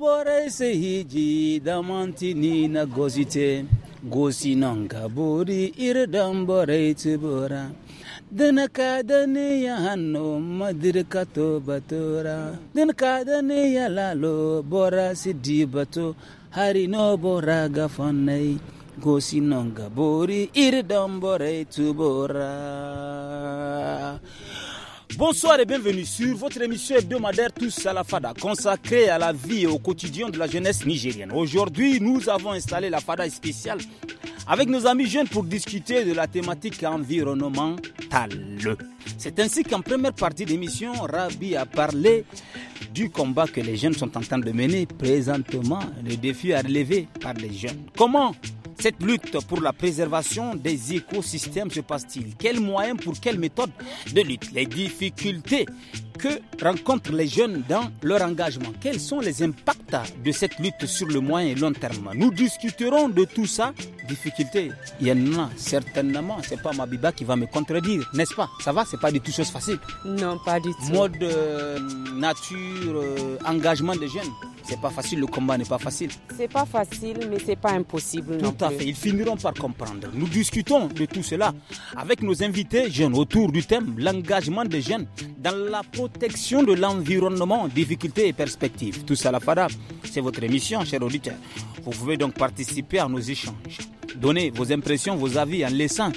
kabore sehiji damanti na gosite, gosi non kaburi irdambore tibora dinaka daniya hanno madirka to batora dinka ya lalo bora di bato hari no bora gafanai gosi non kaburi irdambore tibora Bonsoir et bienvenue sur votre émission hebdomadaire Tous à la Fada, consacrée à la vie et au quotidien de la jeunesse nigérienne. Aujourd'hui, nous avons installé la Fada spéciale avec nos amis jeunes pour discuter de la thématique environnementale. C'est ainsi qu'en première partie d'émission, Rabi a parlé du combat que les jeunes sont en train de mener présentement, le défi à relever par les jeunes. Comment cette lutte pour la préservation des écosystèmes se passe-t-il Quels moyens pour quelles méthodes de lutte Les difficultés que rencontrent les jeunes dans leur engagement Quels sont les impacts de cette lutte sur le moyen et long terme Nous discuterons de tout ça. Difficultés, il y en a certainement. C'est pas Mabiba qui va me contredire, n'est-ce pas Ça va, c'est pas du tout chose facile. Non, pas du tout. Mode, euh, nature, euh, engagement des jeunes. C'est pas facile, le combat n'est pas facile. C'est pas facile, mais c'est pas impossible. Tout à fait, ils finiront par comprendre. Nous discutons de tout cela avec nos invités jeunes autour du thème l'engagement des jeunes dans la protection de l'environnement, difficultés et perspectives. Tout ça la FADA, c'est votre émission, cher auditeur. Vous pouvez donc participer à nos échanges. Donnez vos impressions, vos avis en laissant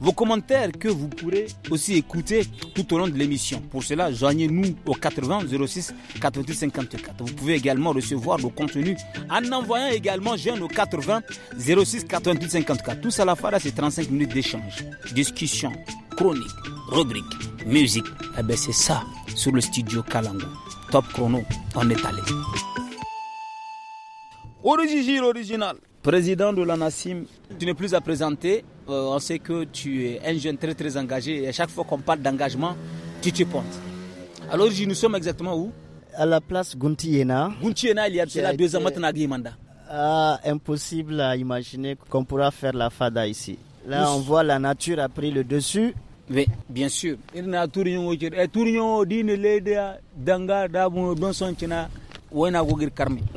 vos commentaires que vous pourrez aussi écouter tout au long de l'émission. Pour cela, joignez-nous au 80 06 88 54. Vous pouvez également recevoir nos contenus en envoyant également jeune au 80 06 88 54. Tout ça la FADA, c'est 35 minutes d'échange, discussion, chronique rubrique musique. Eh bien, c'est ça sur le studio Kalango. Top chrono, on est allé. original. Président de la tu n'es plus à présenter. Euh, on sait que tu es un jeune très très engagé et à chaque fois qu'on parle d'engagement, tu te pontes. Alors, nous sommes exactement où À la place Guntiena. Guntiena, il y a, ans Ah, impossible à imaginer qu'on pourra faire la fada ici. Là, on voit la nature a pris le dessus. Mais bien sûr. Il n'a tout au Et tout au dire, l'aide d'anga, dans son ou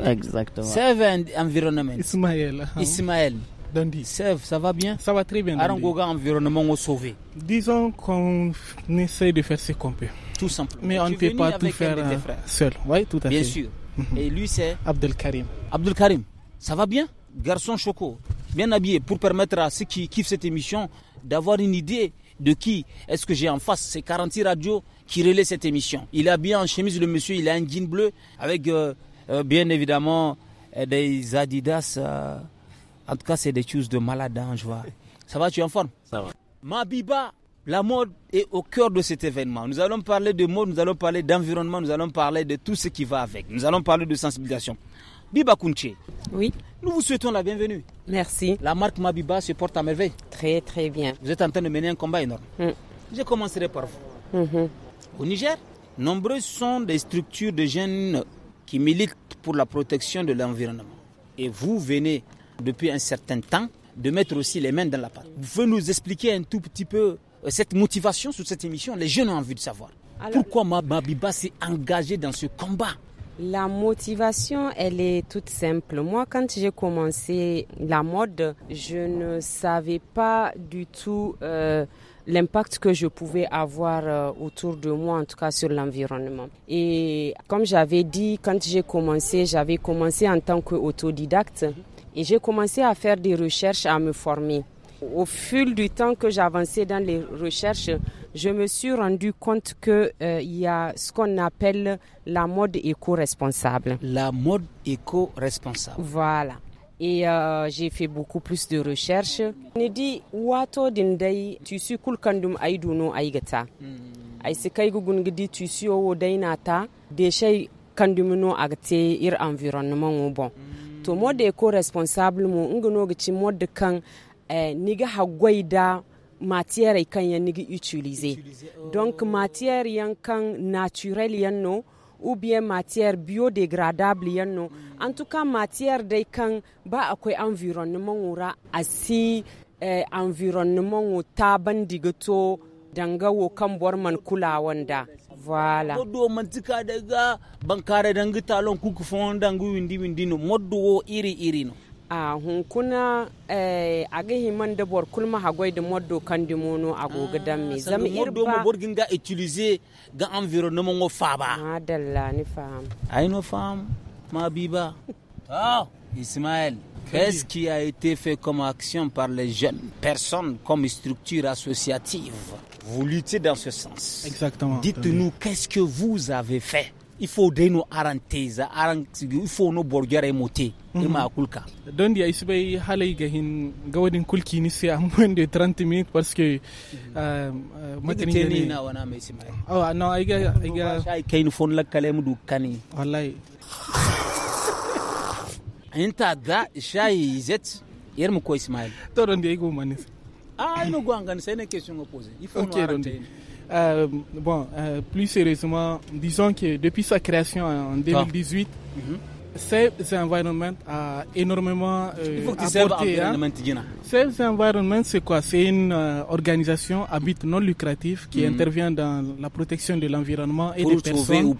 Exactement. Save environnement. Ismaël. Hein. Ismaël. Dandy. Serve, ça va bien Ça va très bien. Arangoga environnement au sauvé. Disons qu'on essaye de faire ce qu'on peut. Tout simplement. Mais on ne peut pas tout faire euh, seul. Oui, tout à fait. Bien sûr. Mhm. Et lui, c'est Abdel Karim. Abdel Karim, ça va bien Garçon choco, bien habillé pour permettre à ceux qui kiffent cette émission d'avoir une idée de qui est-ce que j'ai en face C'est 46 radios qui relaient cette émission. Il a bien en chemise, le monsieur, il a un jean bleu avec, euh, euh, bien évidemment, euh, des Adidas. en tout cas, c'est des choses de malade, hein, je vois. Ça va, tu es en forme Ça va. Mabiba, la mode est au cœur de cet événement. Nous allons parler de mode, nous allons parler d'environnement, nous allons parler de tout ce qui va avec. Nous allons parler de sensibilisation. Biba Kunche. Oui. Nous vous souhaitons la bienvenue. Merci. La marque Mabiba se porte à merveille. Très, très bien. Vous êtes en train de mener un combat énorme. Mm. Je commencerai par vous. Mm-hmm. Au Niger, nombreuses sont des structures de jeunes qui militent pour la protection de l'environnement. Et vous venez, depuis un certain temps, de mettre aussi les mains dans la pâte. Vous pouvez nous expliquer un tout petit peu euh, cette motivation sur cette émission Les jeunes ont envie de savoir. Pourquoi Mabiba s'est engagée dans ce combat la motivation, elle est toute simple. Moi, quand j'ai commencé la mode, je ne savais pas du tout euh, l'impact que je pouvais avoir euh, autour de moi, en tout cas sur l'environnement. Et comme j'avais dit, quand j'ai commencé, j'avais commencé en tant qu'autodidacte et j'ai commencé à faire des recherches, à me former. Au fil du temps que j'avançais dans les recherches, je me suis rendu compte que euh, y a ce qu'on appelle la mode éco-responsable. La mode éco-responsable. Voilà. Et euh, j'ai fait beaucoup plus de recherches. On a dit wato dindai tissu kulkandum aiduno aigata. Hmm. Ai sekai gugun gidi tissu o dainata déchets kandumino agte ir environnement bon. Hmm. To mode éco-responsable mo ngono gici mode kan eh, niga hagwaida matière kan yan nigi utiliser oh. donc matière yan kan naturel yan no ou bien matière biodégradable yan no hmm. en tout cas matière dai kan ba akwai environnement wura asi eh, environnement ta bandiga to danga wo kan borman kulawa da voilà man tika daga bankare dangi talon kuku fon dangu windi windi no modo wo iri iri no a hunkuna eh, a da bor kulma hagoy de moddo kan mono a goga dan me ga ah, utiliser ga environnement ngo faba aino fam ni ma biba ah Ismaël Qu'est-ce qui a été fait comme action par les jeunes personnes comme structure associative Vous luttez dans ce sens. Exactement. Dites-nous, qu'est-ce que vous avez fait il faut ifo deno aran teza aran ifo no borgere mote ima kulka don dia isbay halay gahin gawadin kulki ni se am wende 30 minutes parce que euh matani teni na wana me simay oh no ay ga shay kain phone la kalem du kani wallahi inta da shay zet yer mu ko ismail to don dia go manis ah ino go angan sene question il faut no aran teni Euh, bon, euh, plus sérieusement, disons que depuis sa création en 2018, Save the Environment a euh, énormément euh, Il faut que tu apporté. Hein. Save the Environment, c'est quoi C'est une euh, organisation à but non lucratif qui hmm. intervient dans la protection de l'environnement et des personnes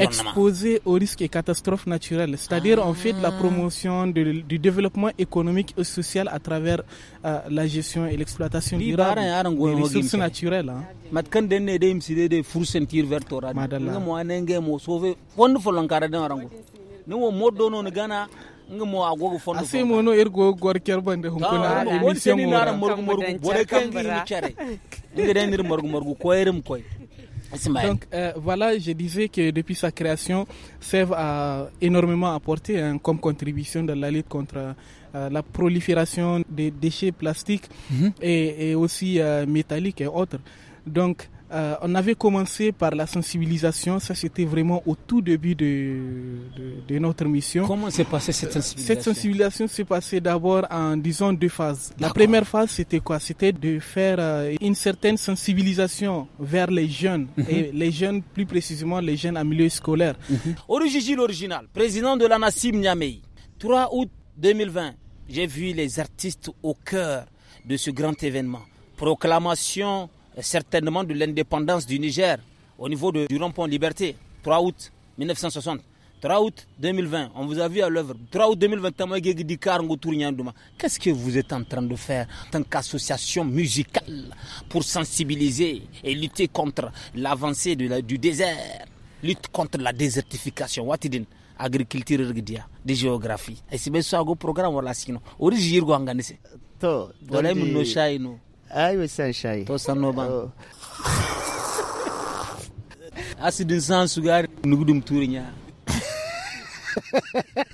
exposées aux risques et catastrophes naturelles. C'est-à-dire, en fait ah. de la promotion du développement économique et social à travers la gestion et l'exploitation durable des ressources naturelles. Hein ni wo moddo no gana nga mo agogo fondo asi mo no ergo gor kerbande hunkuna emission mo na morgu morgu bore kangi ni chare nga denir morgu morgu koyrem koy Donc euh, voilà, je disais que depuis sa création, SEV a énormément apporté hein, comme contribution dans la lutte contre euh, la prolifération des déchets plastiques mm -hmm. et, et, aussi euh, métalliques et autres. Donc euh, on avait commencé par la sensibilisation, ça c'était vraiment au tout début de, notre mission. Comment s'est passée cette euh, sensibilisation Cette sensibilisation s'est passée d'abord en, disons, deux phases. La première phase, c'était quoi C'était de faire euh, une certaine sensibilisation vers les jeunes, mhm. et les jeunes, plus précisément les jeunes en milieu scolaire. Mm original, président de la Nassim Niamey, 3 août 2020, j'ai vu les artistes au cœur de ce grand événement. Proclamation certainement de l'indépendance du Niger au niveau de, du rond Liberté, 3 août 1960. 3 août 2020, on vous a vu à l'œuvre. 3 août 2020, qu'est-ce que vous êtes en train de faire en tant qu'association musicale pour sensibiliser et lutter contre l'avancée du désert, lutte contre la désertification Watidin, agriculture de géographie. Et c'est bien programme, voilà, sinon. Ayo san shayi. To san noban. Asidin san sugari nugudum turinya.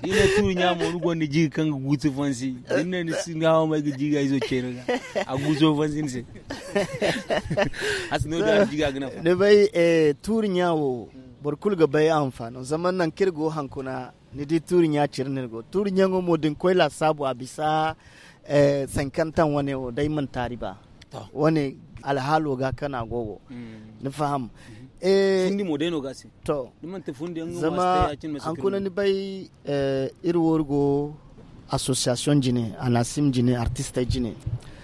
ina turu nya mo rugo ni ji kan gutu fansi ina ni singa o mai ji ga izo chero ga a gutu fansi ni Asidin no da ji ga gna ne bai e nya wo bor kul ga bai amfano zaman nan kirgo hankuna ni di turu nya chirnir go turu nya mo din koila sabu a bisa eh sankantan wane o dai man wani alhalo ga kana gogo mm. ni faham mhm. eh fundi modeno ga to diman te fundi an zama an kuna ni bai eh irworgo association jine anasim jine artiste jine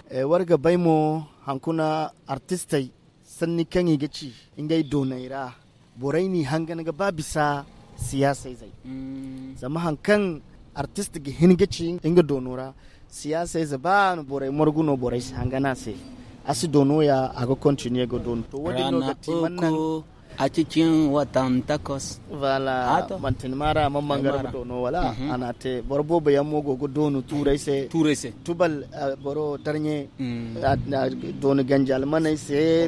eh warga bai mo hankuna artiste sanni kan yi gaci ingai donaira boraini ni hangana ga babisa siyasa zai mm. zama hankan artist ga hin gaci inga donora siyasa zai ba borai morguno borai hangana sai asi dono ya aga continue go don to wadi no gati mannan a cikin watan takwas wala mantin mara man mangar dono wala mhm. ana te borbo bayan mogo go donu turai se turai se tubal boro tarnye mm. donu ganjal manai se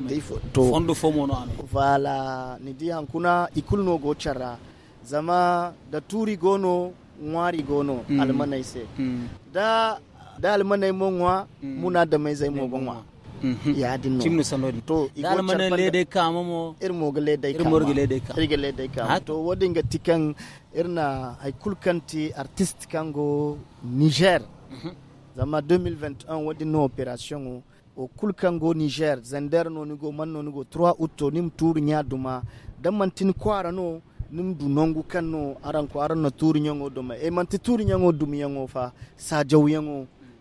to fondo fomo no ame wala ni di hankuna ikul no go charra zama da turi gono ngwari gono mm. almanai se mm. da da almanai mo ngwa muna da mai zai mo gonwa Mhm. yaadin no cimno sanodi to dalmanen leyde kama mo irmoga leyde kama irmorga leyde kama irga de kama to wodinga tikan irna hay kulkanti artiste kango niger mhm. zama 2021 wadi no operation o o kulkango niger zender nonigo man no nonigo 3 auto nim tour nya duma damantin kwara no nim du nongu kanno aran ko aran na tour nyango duma e manti tour nyango dum yango fa sa jaw yango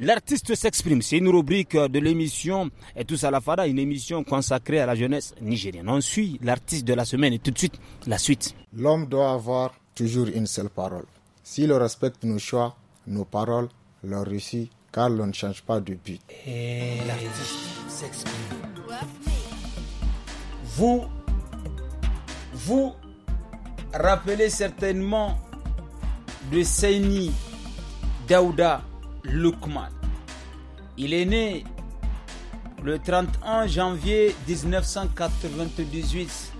L'artiste s'exprime, c'est une rubrique de l'émission et tout à la Fada, une émission consacrée à la jeunesse nigérienne. On suit l'artiste de la semaine et tout de suite la suite. L'homme doit avoir toujours une seule parole. S'il respecte nos choix, nos paroles, leur réussit car l'on ne change pas de but. Et l'artiste s'exprime. Vous, vous rappelez certainement de Seini Daouda Lukman. Il est né le 31 janvier 1998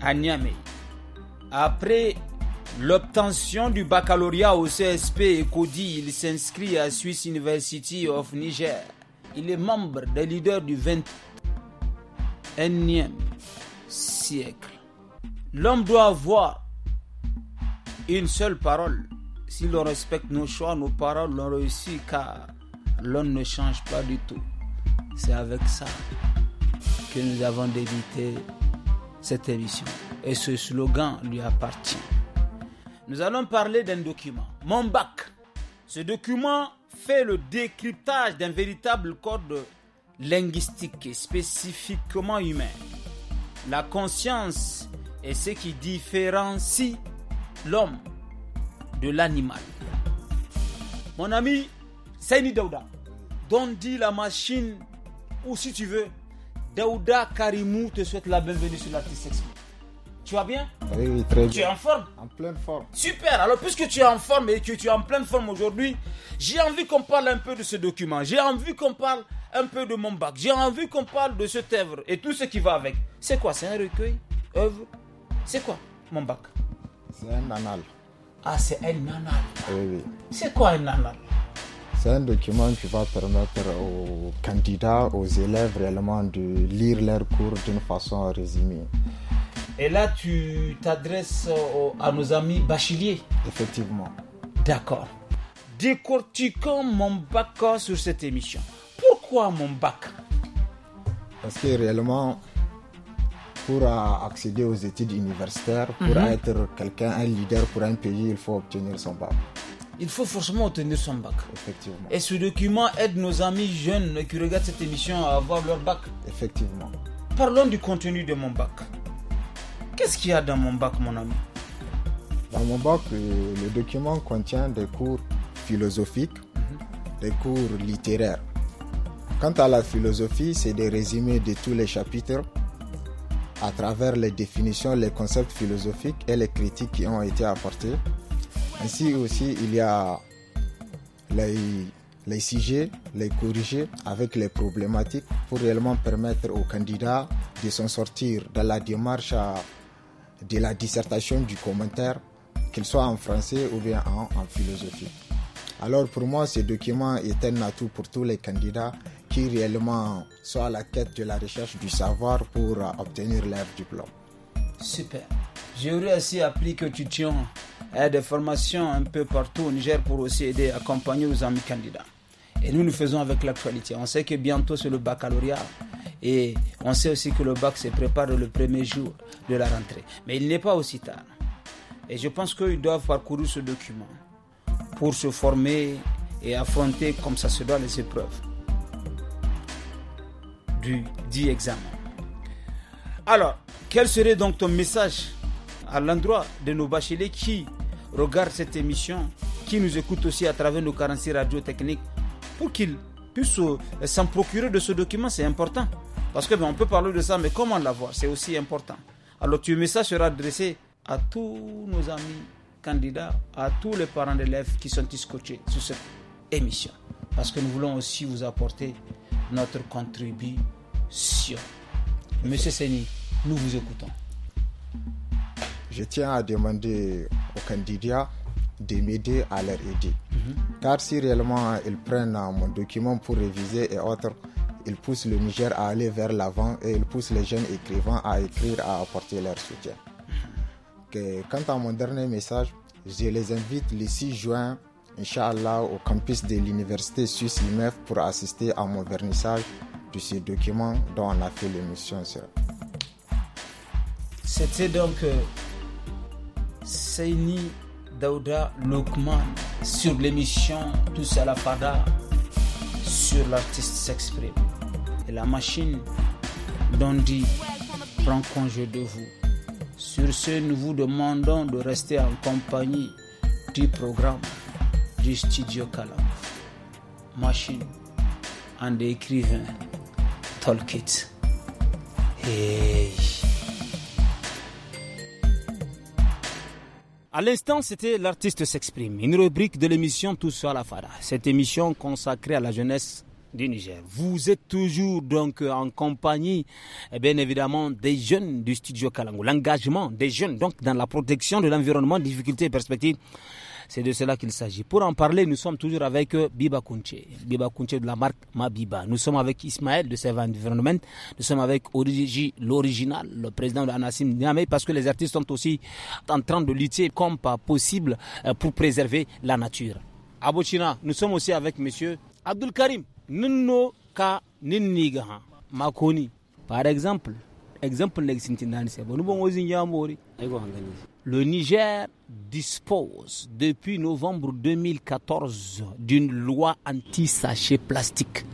à Niamey. Après l'obtention du baccalauréat au CSP et il s'inscrit à Swiss University of Niger. Il est membre des leaders du 21e siècle. L'homme doit avoir une seule parole si l'on respecte nos choix, nos paroles, l'on réussit car l'homme ne change pas du tout. C'est avec ça que nous avons débuté cette émission. Et ce slogan lui appartient. Nous allons parler d'un document, mon bac. Ce document fait le décryptage d'un véritable code linguistique et spécifiquement humain. La conscience est ce qui différencie l'homme de l'animal. Mon ami Saini Daouda, dont dit la machine, ou si tu veux, Daouda Karimou te souhaite la bienvenue sur l'artiste Tu vas bien Oui, très bien. Tu es en forme En pleine forme. Super. Alors, puisque tu es en forme et que tu es en pleine forme aujourd'hui, j'ai envie qu'on parle un peu de ce document. J'ai envie qu'on parle un peu de mon bac. J'ai envie qu'on parle de cette œuvre et tout ce qui va avec. C'est quoi C'est un recueil Œuvre C'est quoi mon bac C'est un anal. Ah, c'est un nanal. C'est quoi un nanal? c'est un document qui va permettre aux candidats, aux élèves réellement de lire leurs cours d'une façon résumée. Et là, tu t'adresses à nos amis bacheliers Effectivement. D'accord. Décortiquons mon bac sur cette émission. Pourquoi mon bac Parce que réellement, pour accéder aux études universitaires, pour mhm. être quelqu'un, un leader pour un pays, il faut obtenir son bac. Il faut forcément obtenir son bac. Effectivement. Et ce document aide nos amis jeunes qui regardent cette émission à avoir leur bac. Effectivement. Parlons du contenu de mon bac. Qu'est-ce qu'il y a dans mon bac, mon ami Dans mon bac, euh, le document contient des cours philosophiques, mhm. des cours littéraires. Quant à la philosophie, c'est des résumés de tous les chapitres à travers les définitions, les concepts philosophiques et les critiques qui ont été apportées. Ainsi aussi, il y a les, les sujets, les corriger avec les problématiques pour réellement permettre aux candidats de s'en sortir dans la démarche de la dissertation, du commentaire, qu'il soit en français ou bien en, en philosophie. Alors pour moi, ce document est un atout pour tous les candidats qui réellement soit à la quête de la recherche du savoir pour obtenir leur diplôme. Super. J'aurais aussi appris que tu tiens eh, des formations un peu partout au Niger pour aussi aider, accompagner nos amis candidats. Et nous, nous faisons avec l'actualité. On sait que bientôt, c'est le baccalauréat. Et on sait aussi que le bac se prépare le premier jour de la rentrée. Mais il n'est pas aussi tard. Et je pense qu'ils doivent parcourir ce document pour se former et affronter comme ça se doit les épreuves du dit examen. Alors, quel serait donc ton message à l'endroit de nos bacheliers qui regardent cette émission, qui nous écoutent aussi à travers nos 46 radiotechniques, pour qu'ils puissent euh, s'en procurer de ce document, c'est important. Parce que ben, on peut parler de ça, mais comment l'avoir, c'est aussi important. Alors, ton message sera adressé à tous nos amis candidats, à tous les parents d'élèves qui sont scotchés sur cette émission. Parce que nous voulons aussi vous apporter notre contribution. Monsieur Seni, nous vous écoutons. Je tiens à demander aux candidats de m'aider à leur aider. Mhm. Car si réellement ils prennent euh, mon document pour réviser et autres, ils poussent le Niger à aller vers l'avant et ils poussent les jeunes écrivains à écrire, à apporter leur soutien. Mhm. quant à mon dernier message, je les invite le 6 juin Inch'Allah, au campus de l'université suisse IMEF pour assister à mon vernissage de ces documents dont on a fait l'émission. C'était donc euh, Seini Daouda Lokman sur l'émission Tous à la Fada sur l'artiste s'exprime. Et la machine d'Andy prend congé de vous. Sur ce, nous vous demandons de rester en compagnie du programme du studio Kala, Machine and écrivain Tolkit. Hey. À l'instant, c'était l'artiste s'exprime, une rubrique de l'émission Tout Soit la Fada. Cette émission consacrée à la jeunesse du Niger. Vous êtes toujours donc en compagnie, et eh bien évidemment, des jeunes du studio Kalango. L'engagement des jeunes donc dans la protection de l'environnement, difficultés et perspectives c'est de cela qu'il s'agit. Pour en parler, nous sommes toujours avec euh, Biba Kunche, Biba Kunche de la marque Mabiba. Nous sommes avec Ismaël de Seven Environnement. Nous sommes avec Origi, l'original, le président de Anassim Niamey, parce que les artistes sont aussi en train de lutter comme pas possible euh, pour préserver la nature. À nous sommes aussi avec monsieur Abdul Karim. Nino ka Ninigaha, makoni. Par exemple, exemple, le Niger dispose depuis novembre 2014 d'une loi anti-sachet plastique.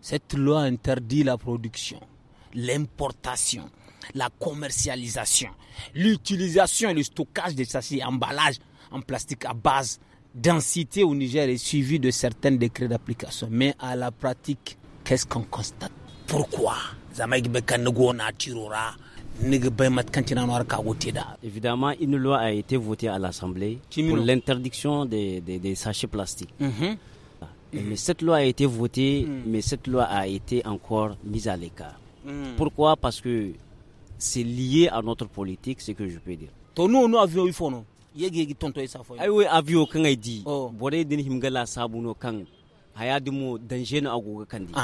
Cette loi interdit la production, l'importation, la commercialisation, l'utilisation et le stockage des sachets emballages en plastique à base densité au Niger est suivi de certains décrets d'application. Mais à la pratique, qu'est-ce qu'on constate Pourquoi Évidemment, une loi a été votée à l'Assemblée pour l'interdiction des, des, des, sachets plastiques. Mhm. Mais cette loi a été votée, mhm. mais cette loi a été encore mise à l'écart. Mhm. Pourquoi Parce que c'est lié à notre politique, c'est que je peux dire. Nous, nous avions eu fond, non e Ah oui, avion quand il dit. Oh. Boré dini himgala sabuno kang. Hayadimu danger na agoga kandi. fond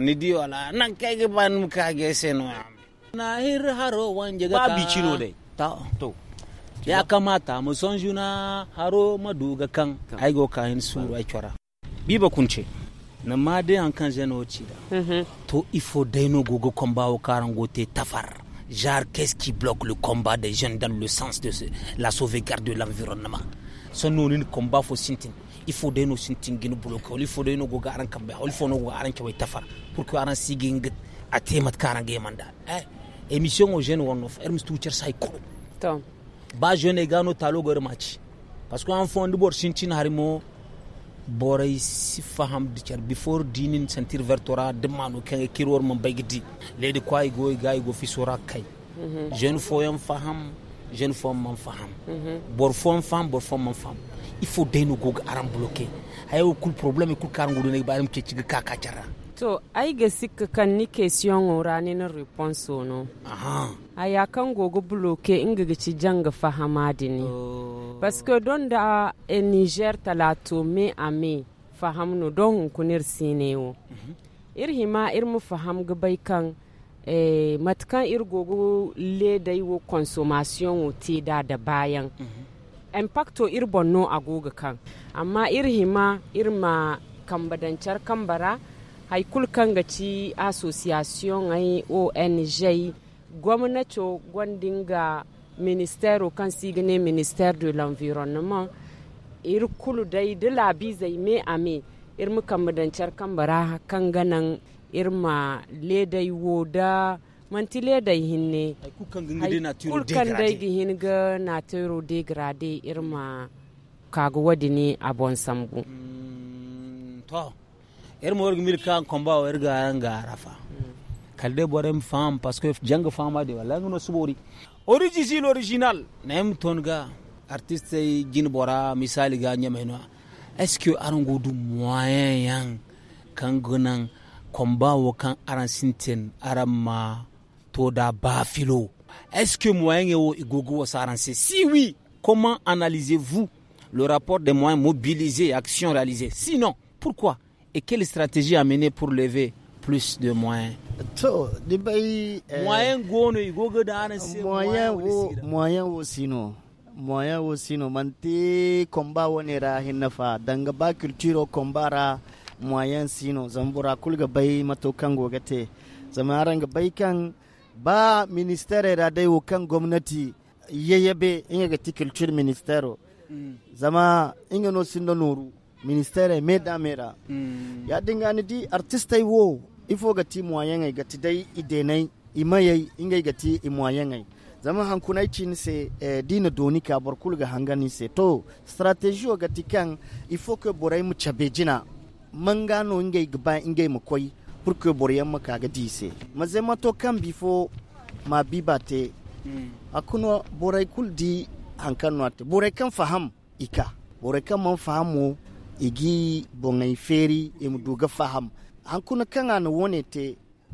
nidi wala nan kage ban mu kage seno na hir haro wanje ga babi ta to ya kamata mu son haro maduga kan aigo kahin suru ai kyora biba kunce na made an kan jeno ci da mhm. to ifo daino gogo kon bawo karango te tafar genre qu'est-ce qui bloque le combat des jeunes dans le sens de la sauvegarde de l'environnement son un combat fo sintin ifodeno sintingini bulokol ifodeno goga aran kambe hol fono goga aran kewai tafar pour que aran sigin atemat karan ge manda eh hein. émission o jeunes wono of ermis tu cher sai ko to ba jeune gano talo gor match parce que en fond de bor sintin harimo boray si faham di cher before dinin sentir vertora de manu kan e kiror mon baygidi ledi kwai goy gay go fi sura kai mhm. jeune foyam faham jeune fo man faham mhm. bor femme fam bor femme man fam il faut daino goga aran bloquer hayo kul problème kul karan gudu ne baram ke ci ka ka jara. to ay ga sik kan ni question o rani na response no aha aya kan gogo bloqué inga ga ci jang fa hamadi ni oh. parce que don da e Niger talato me ame no don kunir sinewo hima ir mu fa ham ga bay kan eh, matkan irgogo dai wo consommation o ti da da bayan mm -hmm. impacto ir a agoga kan amma ir hima kambadancar kambara haikul kan gaci association ai ong gwamnato gwandinga ministero kan sigine minister de l'environnement ir kulu dai de bi zai me ame ir kambadancar kambara kan ganan irma ledai woda mantile da hinne kulkan da di hinga na tero grade irma kago wadi ne a bon sambu hmm, to irma wargi milka an komba wa irga ga rafa hmm. kalde borem fam parce que janga fama de wala ngono subori original original na ton ga artiste gin bora misali ga nyameno est-ce que arango du moyen yang kangunan kwamba wo kan aran sinten aran ma to da bafilo est-ce que moyen ye o igogo s'arranger si oui comment analysez-vous le rapport des moyens mobilisés et actions réalisées sinon pourquoi et quelle stratégie amener pour lever plus de moyens to eh, de bay moyen gono igogo da arranger moyen wo moyen wo sino moyen wo sino manti komba combat. hinnafa danga ba culture o kombara moyen sino zambura kulga bay mato kango gate zama ranga kan ba ministere da dai kan gwamnati yabe in ga tikilcir ministero mm. zama inga no sindo noru ministere me da mera mm. ya dinga ni di artistai wo ifo ga ti moyen ga ti dai idenai imayai inga ga ti imoyen zama hankunai cin se eh, dina doni ka barkul ga hangani se to strategy ga ti kan ifo ke borai mu cabejina mangano inga ga ba inga mu koi pour que boriyamma kaga dise ma to kan bifo ma bibate hmm. akuno boray kul di hankan noate boray kan faham ika boray kan man fahamu igi bongay feri emu ga faham hankuna kan an wonete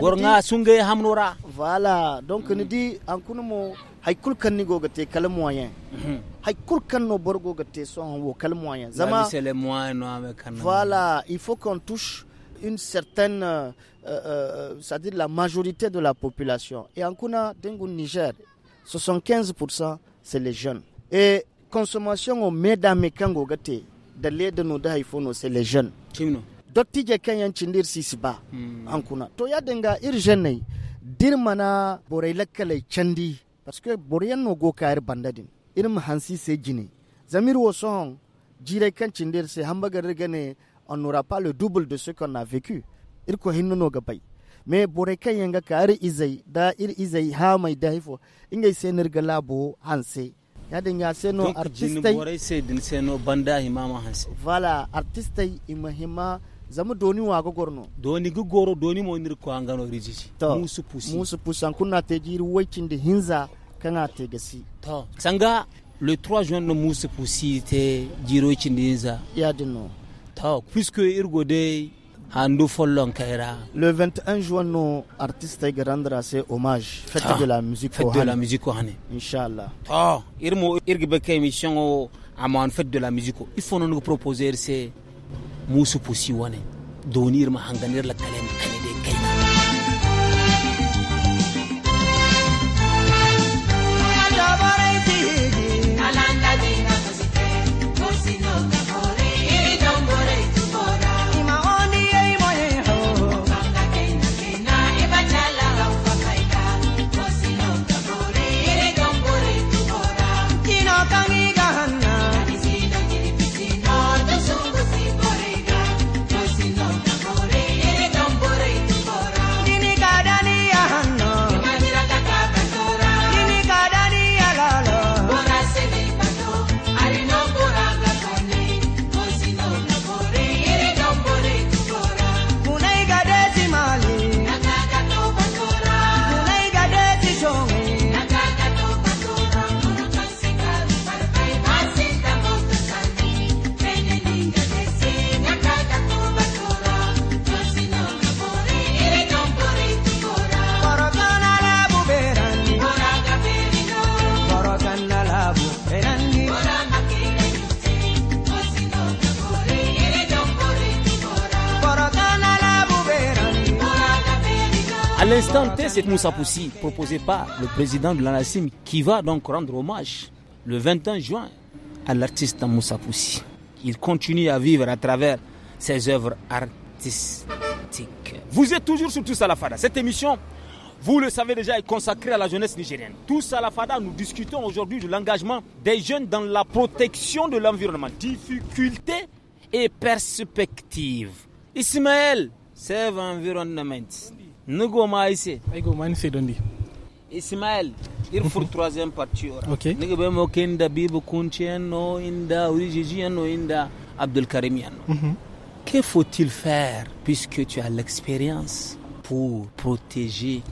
gorga sunge hamnora voilà donc mm dit, ni di mo hay kulkan ni te kala moyen mhm. hay kulkan no bor so wo kala moyen zama c'est les moyens no avec kan voilà il faut qu'on touche une certaine euh, euh, euh c'est-à-dire la majorité de la population et kuna dengu Niger 75% c'est les jeunes et consommation au medame kango gate da ledan no de haifo c'est les jeunes dottije kan yancin dir sisiba hmm. an kuna to ya dinga dir mana borai lakkalai candi parce que boreyan no go bandadin irin hansi se jine zamir wo sohon jire kan cindir sai hambagar on n'aura pas le double de ce qu'on a vécu ir ko hinno no gabai me borai kan yanga kayar da ir izai ha mai daifo ingai sai nirga hansi. hanse yadin se seno artiste. donc se borai sai din seno banda imama hanse voilà artiste imahima zamu doni doni gogoro doni hinza kana le 3 juin no musu te jiro hinza to puisque follon kaira le 21 juin no artiste e rendra hommage fête de la musique fête de la musique ohane inshallah irmo irgi be fête de la musique il faut nous proposer c'est musu pusi wane donir mahanganir la kalem c'est Moussa Poussi, proposé par le président de l'ANASIM, qui va donc rendre hommage le 21 juin à l'artiste Moussa Poussi. Il continue à vivre à travers ses œuvres artistiques. Vous êtes toujours sur Tous à la Fada. Cette émission, vous le savez déjà, est consacrée à la jeunesse nigérienne. Tous à la Fada, nous discutons aujourd'hui de l'engagement des jeunes dans la protection de l'environnement. Difficultés et perspectives. Ismaël, Save Environment nigo ma ise aigo ma dondi ismail il fur troisième partie Ok. okay. nigo be mo kenda bibu kunti no inda uriji no inda abdul karim yanno mm que faut-il faire puisque tu as l'expérience pour protéger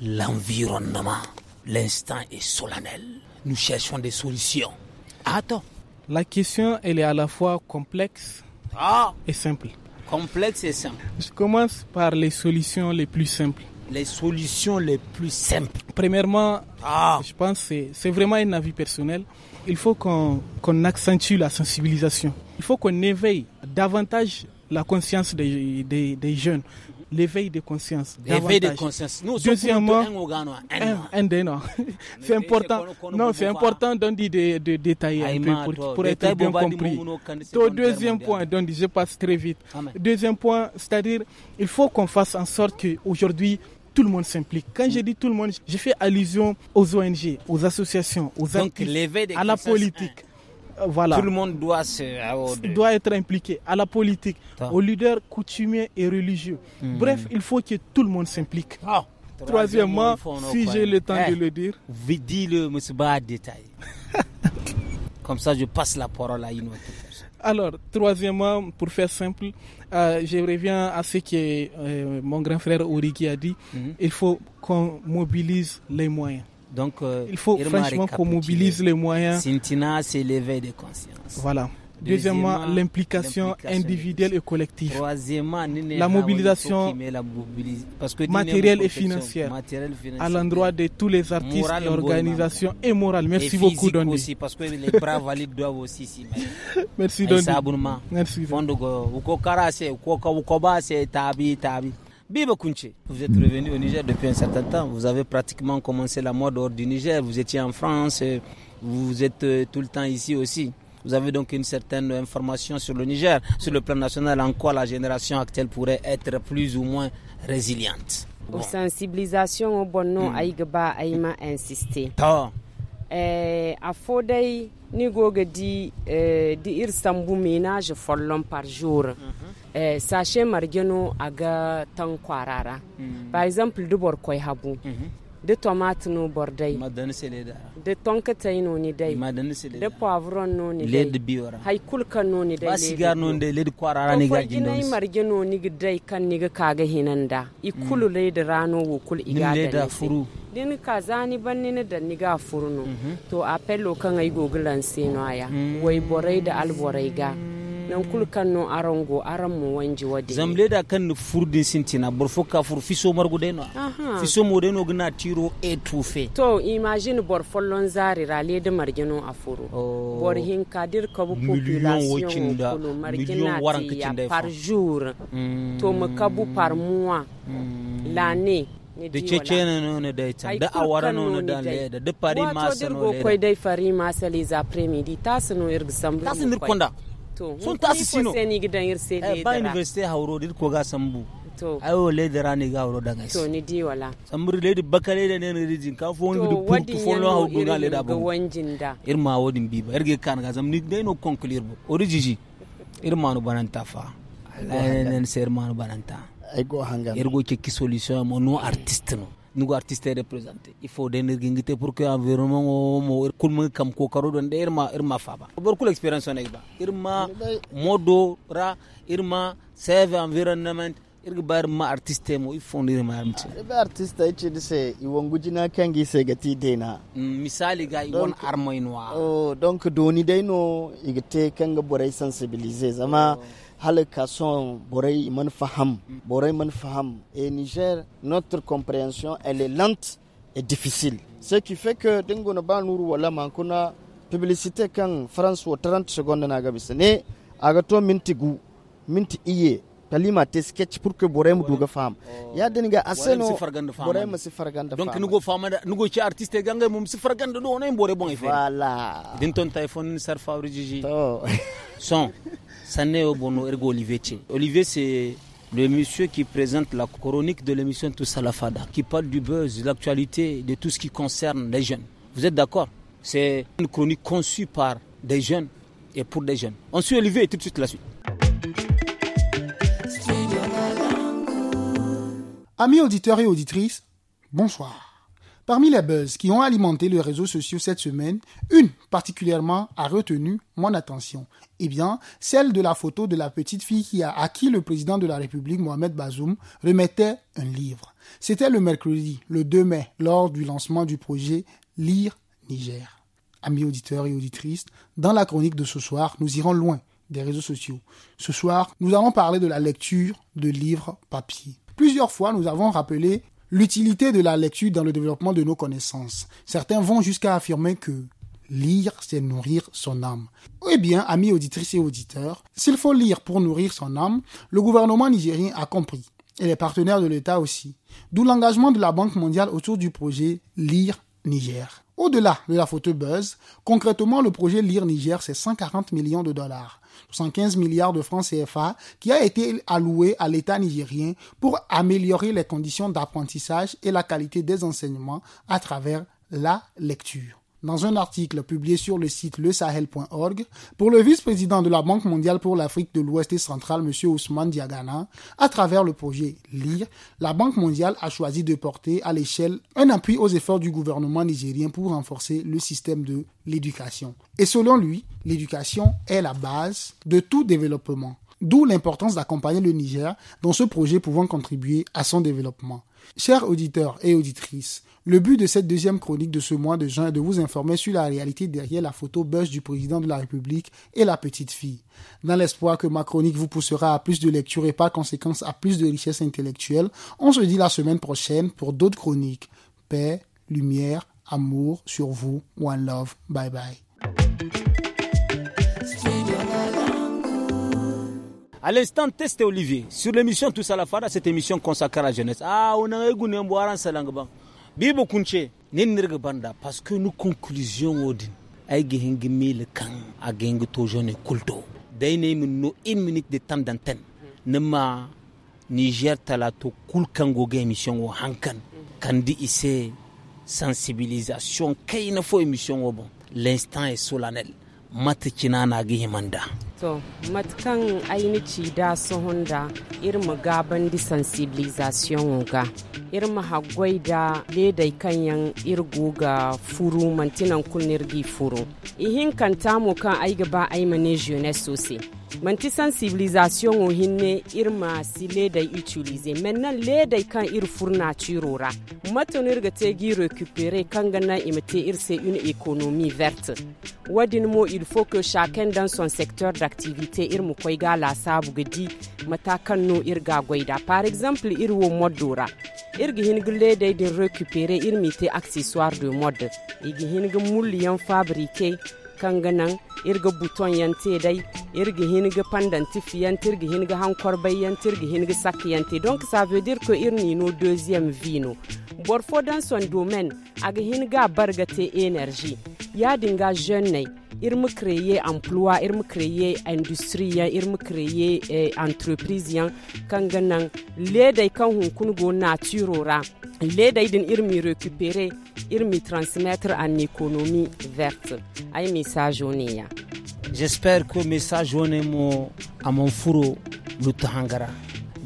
l'environnement l'instant est solennel nous cherchons des solutions attends la question elle est à la fois complexe ah. et simple complexe et simple. Je commence par les solutions les plus simples. Les solutions les plus simples. Premièrement, ah. je pense que c'est vraiment un avis personnel. Il faut qu'on accentue la sensibilisation. Il faut qu'on éveille davantage la conscience des, des, des jeunes l'éveil de conscience. L'éveil Deuxièmement, c'est important. Non, c'est important de, détailler pour, être bien compris. Au deuxième point, je passe très vite. Deuxième point, c'est-à-dire, il faut qu'on fasse en sorte qu'aujourd'hui, tout le monde s'implique. Quand mm. je dis tout le monde, je fais allusion aux ONG, aux associations, aux actifs, à la politique. Euh, tout le monde doit, se... Euh, doit être impliqué à la politique, aux leaders coutumiers et religieux. Hmm. Bref, il faut que tout le monde s'implique. Ah, troisièmement, si j'ai le temps de eh, le dire. Dis-le, monsieur Baha, détail. Comme ça, je passe la parole à une Alors, troisièmement, pour faire simple, euh, je reviens à ce que mon grand frère Origi a dit. Hmm. Il faut qu'on mobilise les moyens. Donc, euh, il faut franchement qu'on mobilise les moyens. Voilà. Deuxièmement, l'implication individuelle et collective. Troisièmement, la mobilisation matérielle et financière à l'endroit de tous les artistes et organisations et morale. Merci beaucoup, aussi, parce que les doivent aussi Merci, Merci, Dondi vous êtes revenu au Niger depuis un certain temps. Vous avez pratiquement commencé la mode hors du Niger. Vous étiez en France, euh, vous êtes euh, tout le temps ici aussi. Vous avez donc une certaine information sur le Niger, sur le plan national, en quoi la génération actuelle pourrait être plus ou moins résiliente. Sensibilisation au bon nom, hmm. Aïgba Aïma insisté. Eh, à Fodei, eh, ménage par jour. Mhm. eh, sashe margino a ga tan kwarara mm. by example dubar kwai habu mm -hmm. de tomate no bor dai de tonka tay no ni dai de poivron no ni dai hay kulka no ni dai basigar no de led kwarara ni gaji no ni marge no ni dai kan ni ga hinan da ikulu mm. le de rano wo kul iga da da furu din ka zani banni ni da ni ga furu no mhm. to apello kan ay gogilan sino aya mm. way borai da alborai ga mm. nan kulkan no arango aran mu wanji wadi zamle da kan furdin sintina borfo ka fur fiso margu de no fiso mo de no gna tiro e tufe to imagine borfo lon zari rale de margino afuru oh. bor hin kadir ka bu population ko margina ya e par jour mm. to mu kabu par mois mm. l'année da cecene no ne dai ta da awara no ne da le da da pari masa no le wato dirgo koi dai fari masa le za premidi tasino irg sambu tasino konda to sun ta su sino sai ni gidan irse ne eh, ba university hauro dir ko ga sambu to ayo lady rani ga hauro da ngai to ni di wala sambu le lady bakare da ne rijin ka fo ngi pu pu fo no hauro ga leda bo wanjin da irma wodin bi ba erge kan ga ni dai no conclure bu bo orijiji irma no banan ta fa ala ne ne ser ma no bananta ay go hanga ergo ke ki solution mo no artiste no nugu artiste représenté il faut den gingite pour que environnement o mo kulmu kam ko karo don da irma irma faba bor kul experience on ba irma modo ra irma save environnement irga bar ma artiste mo ifondire ma armti be artiste ay cede se i wongujina kangi se gati dena mm, misali ga i won armoinwa oh donc doni deno igte kanga boray sensibiliser zama halka son boray man faham mm. boray man faham et Niger notre compréhension elle est lente et difficile ce qui fait que dengono na banuru wala mankuna publicité kan France wo 30 secondes na gabisa ne aga to minti gu minti iye kalima te sketch pour que borem duga fam oh. ya deniga aseno borem si farganda fam donc nugo fama nugo ci artiste ganga mum si farganda do onay boré bon effet. voilà din ton téléphone sar fabriji to son né au bono ergo olivier olivier c'est le monsieur qui présente la chronique de l'émission Tout Salafada, qui parle du buzz, de l'actualité, de tout ce qui concerne les jeunes. Vous êtes d'accord C'est une chronique conçue par des jeunes et pour des jeunes. On suit Olivier et tout de suite la suite. Amis auditeurs et auditrices, bonsoir. Parmi les buzz qui ont alimenté les réseaux sociaux cette semaine, une particulièrement a retenu mon attention. Eh bien, celle de la photo de la petite fille qui a acquis le président de la République Mohamed Bazoum remettait un livre. C'était le mercredi, le 2 mai, lors du lancement du projet Lire Niger. Amis auditeurs et auditrices, dans la chronique de ce soir, nous irons loin des réseaux sociaux. Ce soir, nous allons parler de la lecture de livres papier. Plusieurs fois, nous avons rappelé l'utilité de la lecture dans le développement de nos connaissances. Certains vont jusqu'à affirmer que lire, c'est nourrir son âme. Eh bien, amis auditrices et auditeurs, s'il faut lire pour nourrir son âme, le gouvernement nigérien a compris, et les partenaires de l'État aussi, d'où l'engagement de la Banque mondiale autour du projet Lire Niger. Au-delà de la faute buzz, concrètement, le projet Lire Niger, c'est 140 millions de dollars. 115 milliards de francs CFA qui a été alloué à l'État nigérien pour améliorer les conditions d'apprentissage et la qualité des enseignements à travers la lecture. Dans un article publié sur le site lesahel.org, pour le vice-président de la Banque mondiale pour l'Afrique de l'Ouest et centrale, M. Ousmane Diagana, à travers le projet LIRE, la Banque mondiale a choisi de porter à l'échelle un appui aux efforts du gouvernement nigérien pour renforcer le système de l'éducation. Et selon lui, l'éducation est la base de tout développement d'où l'importance d'accompagner le Niger dans ce projet pouvant contribuer à son développement. Chers auditeurs et auditrices, le but de cette deuxième chronique de ce mois de juin est de vous informer sur la réalité derrière la photo bush du président de la République et la petite fille, dans l'espoir que ma chronique vous poussera à plus de lecture et par conséquence à plus de richesse intellectuelle. On se dit la semaine prochaine pour d'autres chroniques. Paix, lumière, amour sur vous. One love. Bye bye. À l'instant, teste Olivier. Sur l'émission Tous à la Fada, cette émission consacrée à la jeunesse. Ah, on a eu un boire en salangban. Bibo Kunche, Ninirga Banda, parce que nous conclusions Odin. Aïgeng mille kan, ageng to jeune kulto. D'ailleurs, nous une minute de temps d'antenne. Nema Niger talato kulkango ga émission au hankan. Kandi isse sensibilisation, kay na fo émission au bon. L'instant est solennel. matikina na gihi manda to matkan ainihi da sohon da irma gaban di sensibilisation ga irma hagwai da ledai kanyan irgu ga furu mantinan kulnir furu ihin kan tamu kan aiga ba aimane jeunesse sosai manti civilisation, o hinne irma si ledai utiliser maintenant ledai kan ir fournature ra matonir ga te gi récupérer kan gana imate ir c'est une économie verte wadin mo il faut que chacun dans son secteur d'activité ir mu koy ga la sabu gadi mata kan no ir ga goida par exemple ir wo modora ir gi hin ledai de récupérer ir mite accessoire de mode igi hin ga mulliyan fabriquer kanga nan irga buton yante dai irga hinga pandanti fiyante irga hinga hankorbai yante irga hinga sakki yante donc ça veut dire que irni no deuxième vino borfo dans son domaine aga hinga bargate énergie ya dinga jeune ir mu créer emploi ir mu créer industrie yan ir mu créer eh, entreprise yan kan ganan kan hunkun go nature ra ledai din ir mi récupérer ir mi transmettre en économie verte ay message ya j'espère que message mo amon furo lutahangara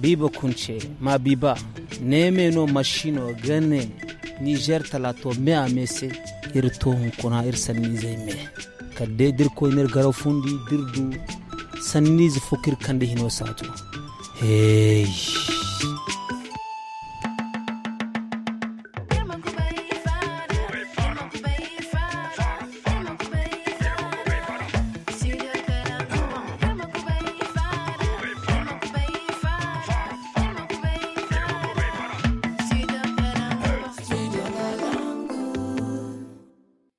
biba kunce ma biba neme no mashino gane niger talato me amese ir to hunkuna ir sanni kadde dirqoo imeer gara fuundi dirduu sanniizi fokkir kande hin hosaatu.